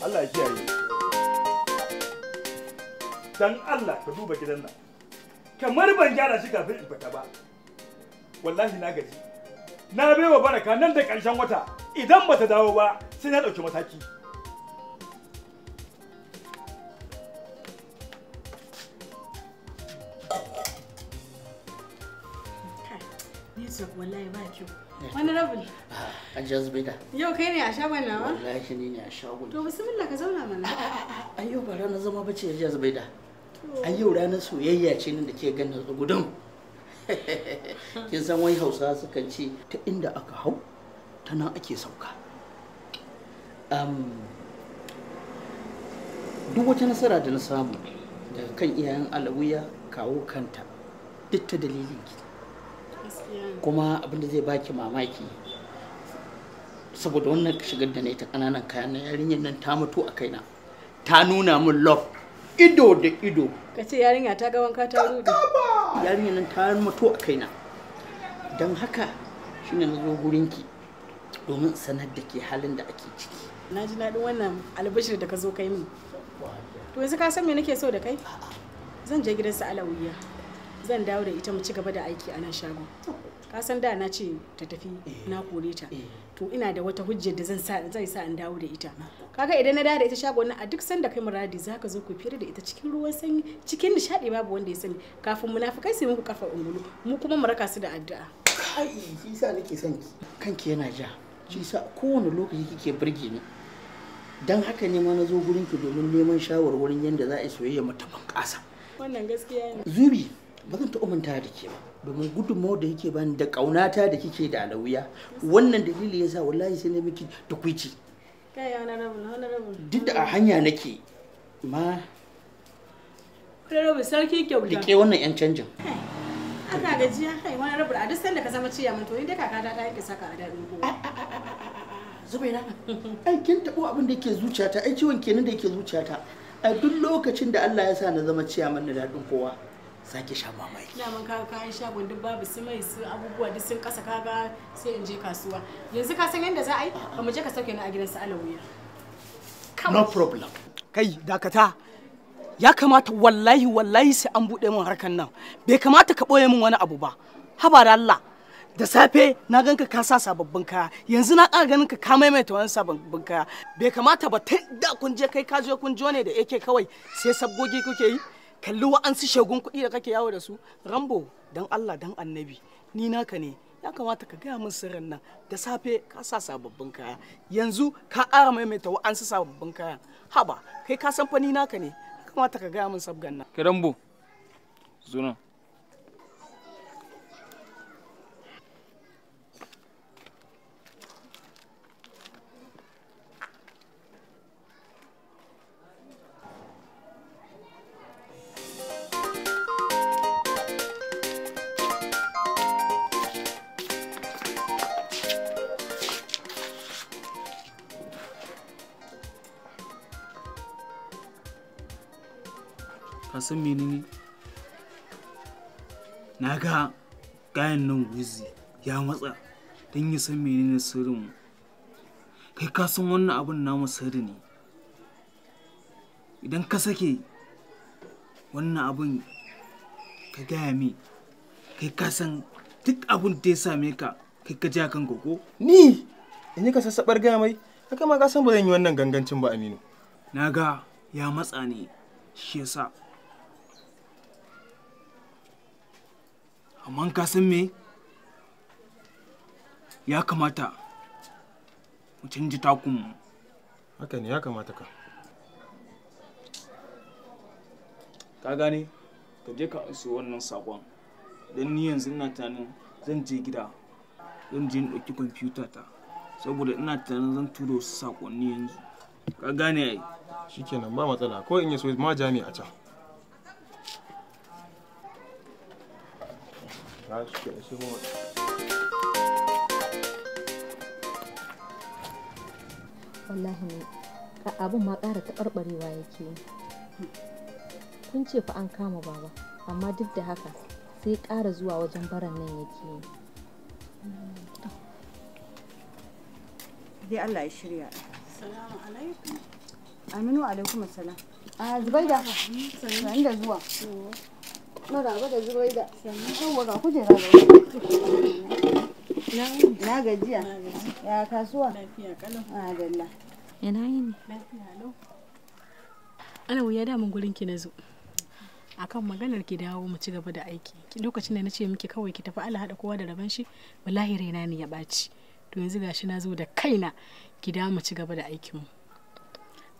Allah ya kiyaye dan Allah ka duba gidan nan kamar ban gyara shi kafin in fita ba wallahi na gaji na baiwa baraka nan da karshen wata idan bata dawo ba sai na dauki mataki yusuf wallahi ba kyau eh. wani rabin ah, a jazbida yau kai ne a shagon nawa wallahi ni ne a shagon to bismillah ka zauna mana a ah, ah, yau ba ranar zama bace ya jazbida a yau ranar soyayya ce nan da ke ganin gudun kin san wai hausa sukan ce ta inda aka hau ta nan ake sauka duk wata nasara da na samu daga kan iyayen alawiya kawo kanta duk ta dalilin ki kuma abin da zai baki mamaki saboda wannan shigar da na ta kananan kayan na yarinyar nan ta mutu a kaina ta nuna min love ido da ido ka ce yarinya ta ga wanka ta rudu yarinyar nan ta mutu a kaina don haka shine na zo gurinki domin sanar da ke halin da ake ciki na ji daɗin wannan albishir da ka zo kai min to yanzu ka san me nake so da kai zan je gidan su alawiya zan dawo da ita mu ci gaba da aiki a nan shago ka san da na ce ta tafi eh. na kore ta eh. to ina da wata hujjar da zan sa zai sa in dawo da ita kaga idan na dawo da ita shago nan a duk sanda kai muradi zaka zo ku fira da ita cikin ruwan sanyi cikin nishadi babu wanda ya sani kafin munafikai su muku kafa ungulu mu kuma mu raka su da addu'a kai shi sa nake son kanki yana ja shi sa kowane lokaci kike burge ni dan haka ne ma na zo gurin ki domin neman shawarwarin yadda za a yi soyayya mata wannan gaskiya ne zubi ba zan taɓa manta da ke ba domin gudunmawa da yake bani da kaunata da kike da alawiya wannan dalili yasa wallahi sai na miki tukwici duk da a hanya nake ma honorable sarki kyauta rike wannan yan canjin ga gajiya kai wani rabu a duk sanda ka zama ciya mun to ni dai kakata ta yake saka a dadin gobe zubaina ai kin tabo abin da yake zuciyata ai ciwon kenan da yake zuciyata a duk lokacin da Allah ya sa na zama ciya mun da dadin kowa za sha mamaki mun ka kayan shagon duk babu su mai su abubuwa duk sun kasa kaga sai in je kasuwa yanzu ka san yadda za a yi ba mu je ka sauke ni a gidan su alawiya no problem kai dakata ya kamata wallahi wallahi sai an buɗe min harkan nan bai kamata ka ɓoye min wani abu ba haba da Allah da safe na ganka ka sa sababbin kaya yanzu na ƙara ganin ka ka maimaita wani sababbin kaya bai kamata ba ta da kun je kai ka je kun jo ne da yake kawai sai sabgogi kuke yi kalli wa'ansu shagun kuɗi da kake yawo da su rambo dan allah dan annabi ni naka ne ya kamata ka gaya min sirrin nan da safe ka sa sababbin kaya yanzu ka ƙara maimaita wa'ansu sababbin kaya haba kai ka san fa ni naka ne ya kamata ka gaya min sabgan nan ki rambo zuna ya matsa don ya san menene mu kai ka san wannan abin namu sirri ne idan ka sake wannan abin ka gaya min kai ka san duk abin da ya same ka kai ka ja kan koko ni in yi ka sassabar gaya mai haka ma ka san ba zan yi wannan gangancin ba aminu na ga ya matsa ne shi yasa amma ka san me ya kamata mu canji takunmu haka ne ya kamata ka ka gane ka je ka su wannan sakon don ni yanzu ina tunanin zan je gida zan je in ɗauki kwamfuta ta saboda ina tunanin zan turo su sakonni yanzu ka gane ai shikenan ba matsala ko in yi so ma jami a can Acho wallahi ne abin ma ƙara taɓarɓarewa yake yi kun ce fa an kama baba amma duk da haka sai ƙara zuwa wajen baran nan yake yi dai Allah ya shirya aminu alaikum salam a zubai da hmm, sanin da zuwa maraba da zubai da sanin kawo ga kujera ga Na gajiya. Ya kasuwa? Lafiya kalau. Adalla. da damun gurin ki na zo. akan maganar ki dawo mu ci gaba da aiki lokacin da na ce miki kawai ki tafi Allah hada kowa da raban shi wallahi raina ne ya baci to yanzu gashi na zo da kaina ki dawo mu ci gaba da aikin mu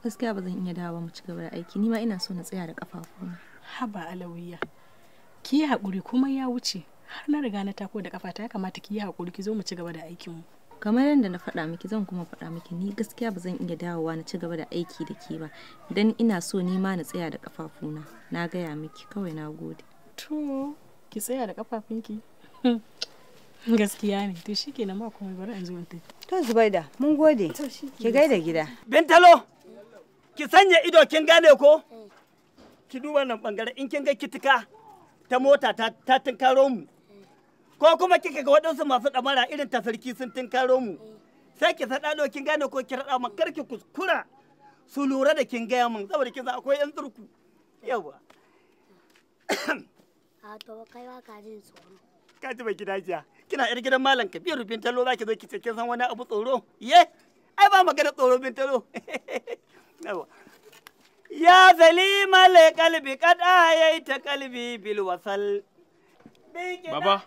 gaskiya ba zan iya dawo mu ci gaba da aiki ni ma ina so na tsaya da kafafuna haba alawiya ki yi hakuri kuma ya wuce har na riga na tako da ta ya kamata ki yi hakuri ki zo mu ci gaba da aikin mu kamar yadda na faɗa miki zan kuma faɗa miki ni gaskiya ba zan iya dawowa na ci gaba da aiki da ke ba dan ina so ni ma na tsaya da kafafuna na gaya miki kawai na gode to ki tsaya da kafafunki gaskiya ne to ke ma kuma bari an zo ta to zubaida mun gode ki gai da gida bintalo ki sanya ido kin gane ko ki duba nan bangare in kin ga kitika ta mota ta tinkaro mu ko kuma kika ga waɗansu masu ɗamara irin ta sarki sun tinkaro mu sai ki saɗa kin gane ko ki raɗa ma kar ki kuskura su lura da kin gaya min saboda kin akwai yan turku yawa a to kai wa ka jin tsoro ka ji gida jiya kina yar gidan malam ka biya rubin talo zaki zo ki ce kin san wani abu tsoro ye ai ba magana tsoro bin talo yawa ya zalima le kalbi kada yayi ta kalbi bil wasal baba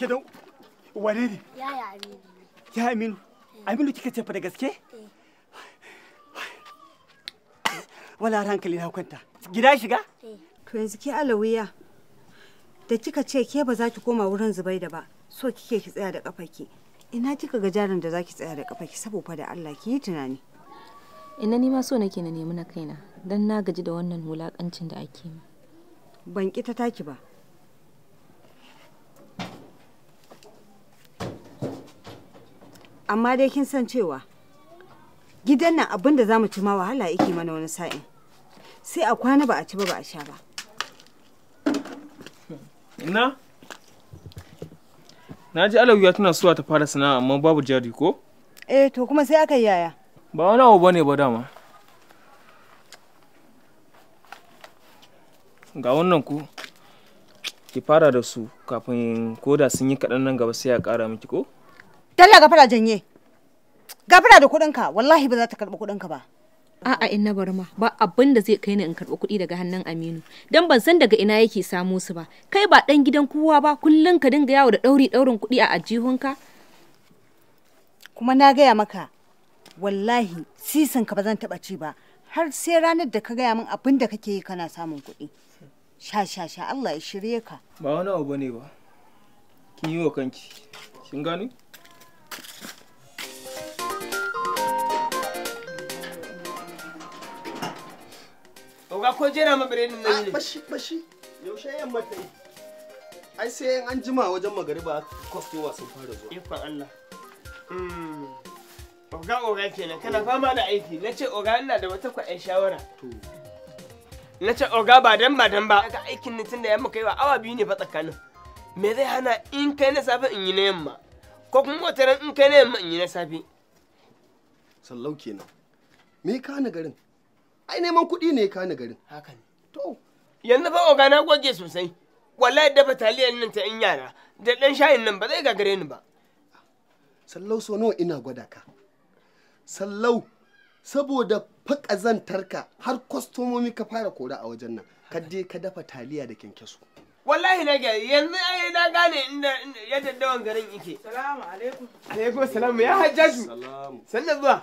ke dan wane ne yaya aminu ya aminu eh. aminu kika ce fa da gaske eh. wala hankali na kwanta gida shiga eh. to yanzu ke alawiya da kika ce ke ba za ki koma wurin zubaida ba so kike ki tsaya da kafaki ina kika ga jarin da za ki tsaya da kafaki saboda da Allah ki yi tunani ina ni ma so nake na nemi na kaina don na gaji da wannan wulakancin da ake yi. ban ki ta taki ba amma dai kin san cewa gidan nan abin da za mu ci ma wahala yake mana wani sa'in sai a kwana ba a ci ba ba a sha ba ina na ji alawiya tana suwa ta fara sana'a amma babu jari ko eh to kuma sai aka yaya ba wani abu bane ba dama ga wannan ku ki fara da su kafin koda sun yi kaɗan nan gaba sai a ƙara miki ko Dalla gafara janye. Gafara da kuɗinka wallahi ba za ta karɓi kuɗinka ba. A'a in na ma ba abin da zai kai ni in karɓi kuɗi daga hannun Aminu dan ban san daga ina yake samo su ba kai ba ɗan gidan kowa ba kullum ka dinga yawo da ɗauri ɗaurin kuɗi a ajihunka kuma na gaya maka wallahi sisin ka ba zan taɓa ci ba har sai ranar da ka gaya min abin da kake yi kana samun kuɗi sha sha sha Allah ya shirye ka ba wani abu ne ba kin yi wa kanki kin gani? ko jera ma biredin nan ne bashi ah, bashi yaushe yamma ta yi ai sai an jima wajen magariba kwastowa sun fara zuwa ikon Allah hmm. oga oga kenan kana fama da aiki na ce oga ina da wata eh, shawara na ce oga ba dan ba dan ba ka aikin ni yamma kai awa biyu ne fa tsakanin me zai hana in kai na safe in yi na yamma ko kuma in kai na yamma in yi na safe sallau kenan me ka garin ai neman kuɗi ne ka ni garin haka ne to yanzu fa oga na goge sosai wallahi dafa taliyar nan ta in yara da dan shayin nan ba zai gagare ni ba sallau so nawa ina gwada ka sallau saboda fakazantarka har kwastomomi ka fara kora a wajen nan ka je ka dafa taliya da kyankyaso wallahi na ga yanzu ai na gane inda yadda dawan garin yake salamu alaikum alaikum salam ya hajjaju salamu sannan zuwa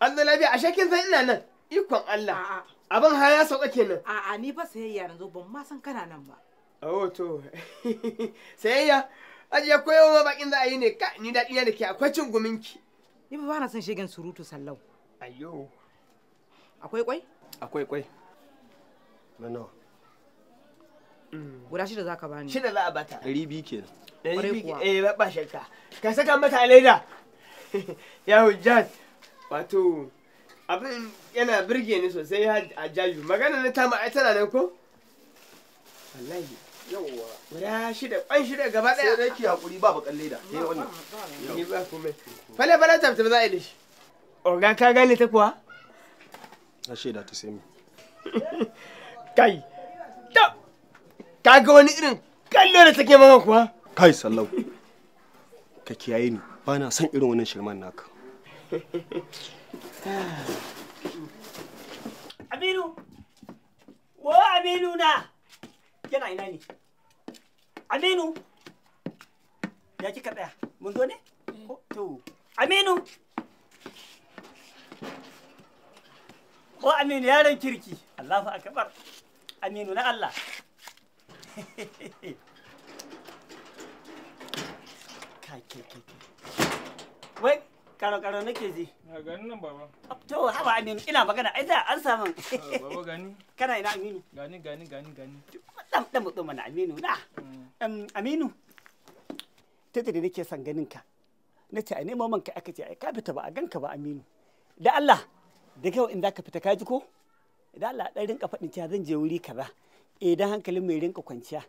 an zo lafiya ashe kin san ina nan Ikon Allah. Abin ha ya sauka kenan. A'a ni ba sayayya yanzu ban ma san kana nan ba. Oh to. sayayya ajiya koyo ma bakin za a yi ne ka ni daɗi na da ke akwai cin guminki. Ni ba na son shegen surutu sallau. Ayyo. Akwai kwai? Akwai kwai. Na Guda shida za ka bani. Shida za a bata. Ɗari biyu kenan. Ɗari biyu eh ba shakka. Ka saka mata leda. Ya hujjat. Wato abin yana birge ni sosai a jayu magana na ta ai tana nan ko wallahi yawwa guda shida kwan shida gaba daya sai dai ki hakuri ba bakan leda sai wannan ni ba kuma fale fale tabta za a yi shi oga ka gane ta kuwa na shaida ta sai mu kai ta ka ga wani irin kallo da take maka kuwa kai sallau ka kiyaye ni ba na san irin wannan shirman naka Aminu! Wo Aminu na! Yana ina ne? Aminu! Ya kika tsaya? Mun zo ne? Eh. To, Aminu! Ko Aminu yaron kirki, Allahu akbar. Aminu na Allah. Kai, kai, kai, kai. Wai, Karo-karo nake ji. gani nan baba. To, haba Aminu, ina magana, ai za an samu. Ah, baba gani. Kana ina Aminu? Gani, gani, gani, gani. Dan dan mutum mana Aminu na. Mm. Aminu. Tete da nake son ganin ka. Na ce a nemo man ka aka ce ai ka fita ba a ganka ba Aminu. Da Allah, da kyau in za ka fita ka ji ko? Da Allah dan rinka faɗin cewa zan je wuri kaza. Eh dan hankalin mai rinka kwanciya.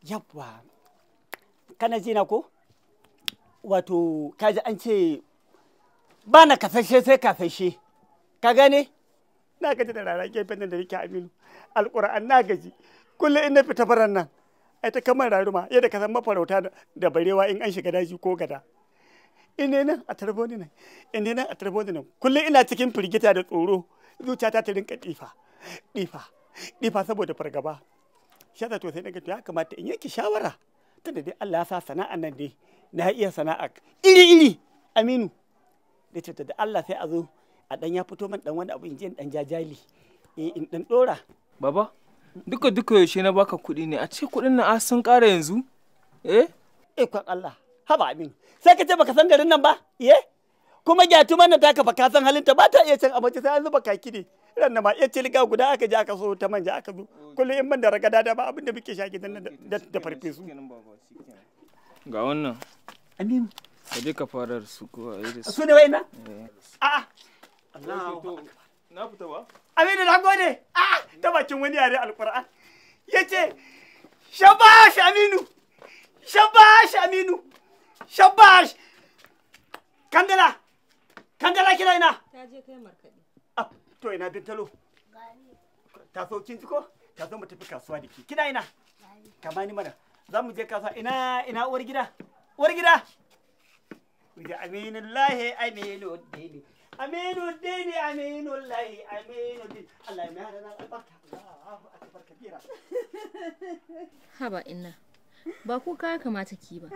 Yabba. Kana ji na ko? Wato, kaji an ce ba na kasashe sai kasashe ka gane na gaji da rara gefen da nake aminu alƙur'an na gaji kullum in fita faran nan ai ta kamar raruma yadda ka san mafarauta da barewa in an shiga daji ko gada ina nan a tarboni nan ina nan a tarboni nan kullum ina cikin firgita da tsoro zuciyata ta ta rinka ɗifa ɗifa ɗifa saboda fargaba shata to sai daga to ya kamata in yanke shawara tunda dai Allah ya sa sana'an nan dai na iya sana'a iri iri aminu na ce da Allah sai a zo a dan ya fito man dan wani abu in je dan jajali in dan dora eh, baba duka duka yaushe na baka kuɗi ne a ce kuɗin na sun ƙara yanzu eh eh kwa Allah haba amin sai ka ce baka san garin nan ba eh kuma gyatu mana ta ka baka san halinta ba ta iya cin abinci sai an zuba kaki ne ran na ma iya liga guda aka je aka so ta manja aka zo kullum in man da ragada da ba abin da muke sha gidan da farfesu ga wannan amin da duka farar su ko iris su ne wayannan eh. a Allahu na fita ba Aminu na gode a ta bakin wani yare alquran yace shabash Aminu shabash Aminu shabash kandala kandala kira ina ta je kai markadi a ah, to ina bintalo ta so kin ji ko ta zo mu tafi kasuwa da kina ina kamani mara mana za mu je kasuwa ina ina uwar gida uwar gida da aminu lahi aminu dini aminu dini aminu lahi aminu dini Allah ya mayar da albarka Allahu akbar kabira haba inna ba ku ka kamata ki ba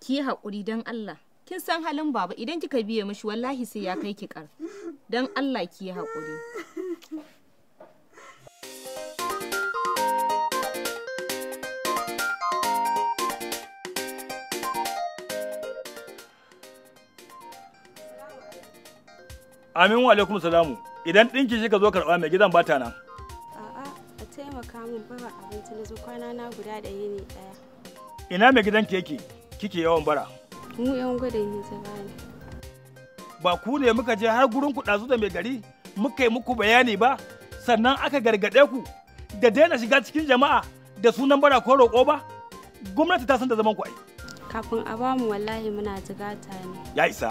ki yi haƙuri dan Allah kin san halin baba idan kika biye mishi wallahi sai ya kai ki kar don Allah ki yi haƙuri Amin wa alaikum salamu. Idan ɗinki shi ka zo karɓa mai gidan bata nan. A'a, a taimaka min bara abinci na zo kwana na guda da yini ɗaya. Ina mai gidan ki yake? Kike yawan bara? Mu yan gudun hijira ne. Ba ku ne muka je har gurin ku ɗazu da mai gari? Muka yi muku bayani ba? Sannan aka gargaɗe ku da daina shiga cikin jama'a da sunan bara ko roƙo ba? Gwamnati ta san da zaman ku ai. Kafin a ba mu wallahi muna jigata ne. Ya isa.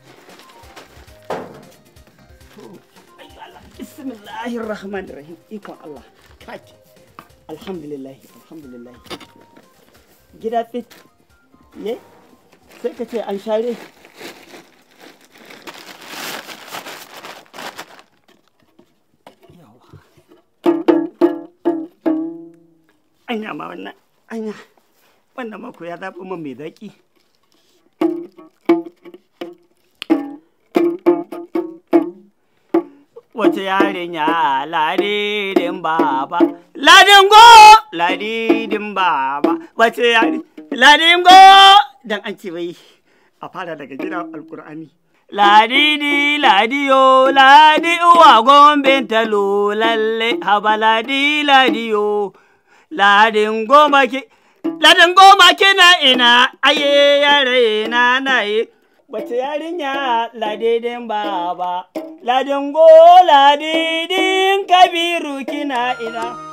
bismillahir rahmanir rahim ikon Allah kaki alhamdulillah gida fit ne sai ka ce an share anya ma wannan anya wannan mako ya zaɓi man mai zaƙi wace yarinya ladidin baba ladin go ladidin baba wace yari ladin go dan an ce bai a fara daga gida alkur'ani ladidi ladiyo ladi uwa gombe talo lalle haba ladi ladiyo ladin go ki ladin goma na ina aye yare na naye wace yarinya ladidin baba ladin go ladidin kabiru kina ina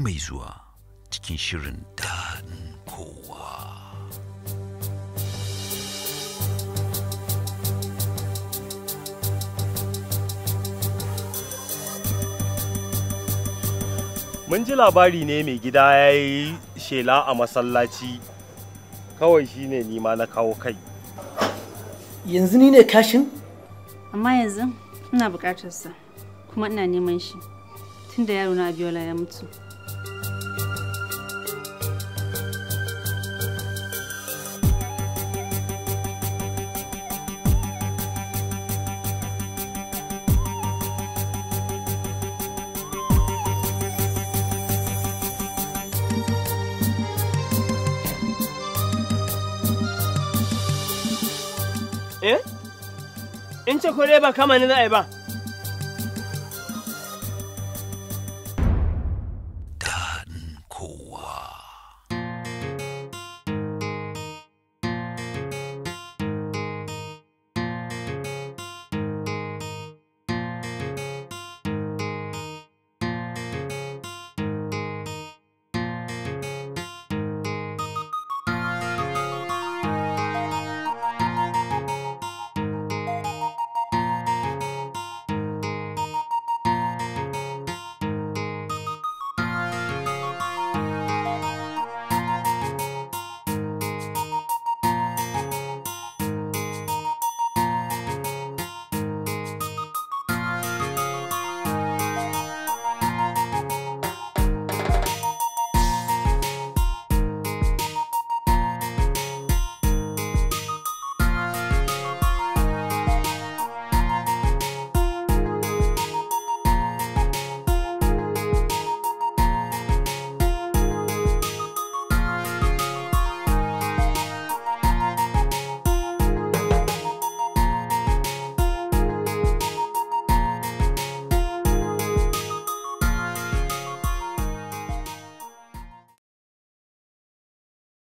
mai zuwa cikin shirin daɗin kowa. Mun ji labari ne mai gida ya yi shela a masallaci kawai shi ne nima na kawo kai. Yanzu ni ne kashin? Amma yanzu ina bukatarsa kuma ina neman shi tunda yaro na Abiola ya mutu. in ce ko dai ba kama ni za a yi ba